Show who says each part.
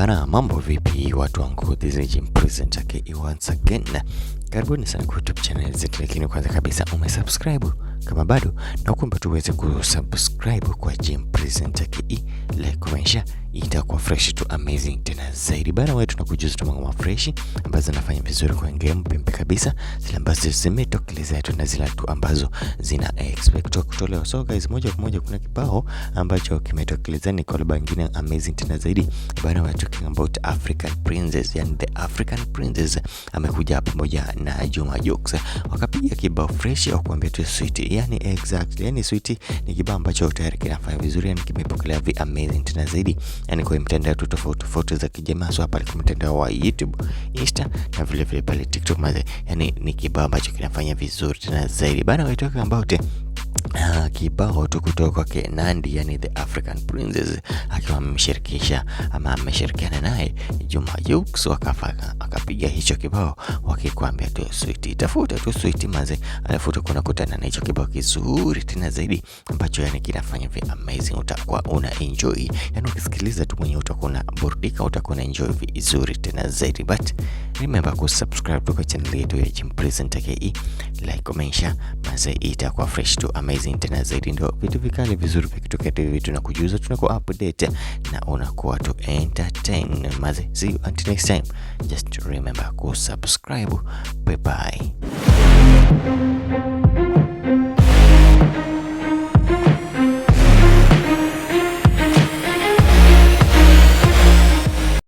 Speaker 1: Bana, mambo vipi watu wangu, this is Jim present KE once again. Karibuni sana kwa YouTube channel zetu, lakini kwanza kabisa umesubscribe kama bado na kuomba tuweze kusubscribe kwa Jim Presenter KE, like, comment, share, itakuwa fresh to amazing tena zaidi bana. wetu na kujuza tu mambo fresh ambazo zinafanya vizuri kwa game pembe kabisa, zile ambazo zimetokeleza tu na zile tu ambazo zina expect kutolewa. So guys, moja kwa moja kuna kibao ambacho kimetokeleza ni kwa nyingine amazing tena zaidi bana. wetu talking about African Princess, yani the African Princess amekuja pamoja na Juma Jux wakapiga kibao fresh au kuambia tu sweet yani exactly, yani sweet ni kibao ambacho tayari kinafanya vizuri, yani kimepokelewa vi amazing tena zaidi, yani kwa mtandao tu tofauti tofauti za kijamii, hasa pale kwa mtandao wa YouTube, Insta na vile vile pale TikTok maze, yani ni kibao ambacho kinafanya vizuri tena zaidi bana, waitoka talking about Uh, kibao tu kutoka kwake Nandy yani the African Princess akiwa amemshirikisha ama ameshirikiana naye Juma Jux, akapiga hicho kibao wakikwambia tu sweet, tafuta tu sweet maze, alafu unakutana na hicho kibao kizuri tena zaidi ambacho yani kinafanya vi amazing, utakuwa una enjoy, yani ukisikiliza tu mwenyewe utakuwa unaburudika, utakuwa una enjoy vizuri tena zaidi. But remember ku subscribe tu kwa channel yetu ya Jim Present KE, like comment share, maze itakuwa fresh tu amazing tena zaidi, ndio vitu vikali vizuri vikitokea TV tunakujuza, tunaku update na unakuwa tu entertain maze. See you until next time, just remember ku subscribe Bye bye.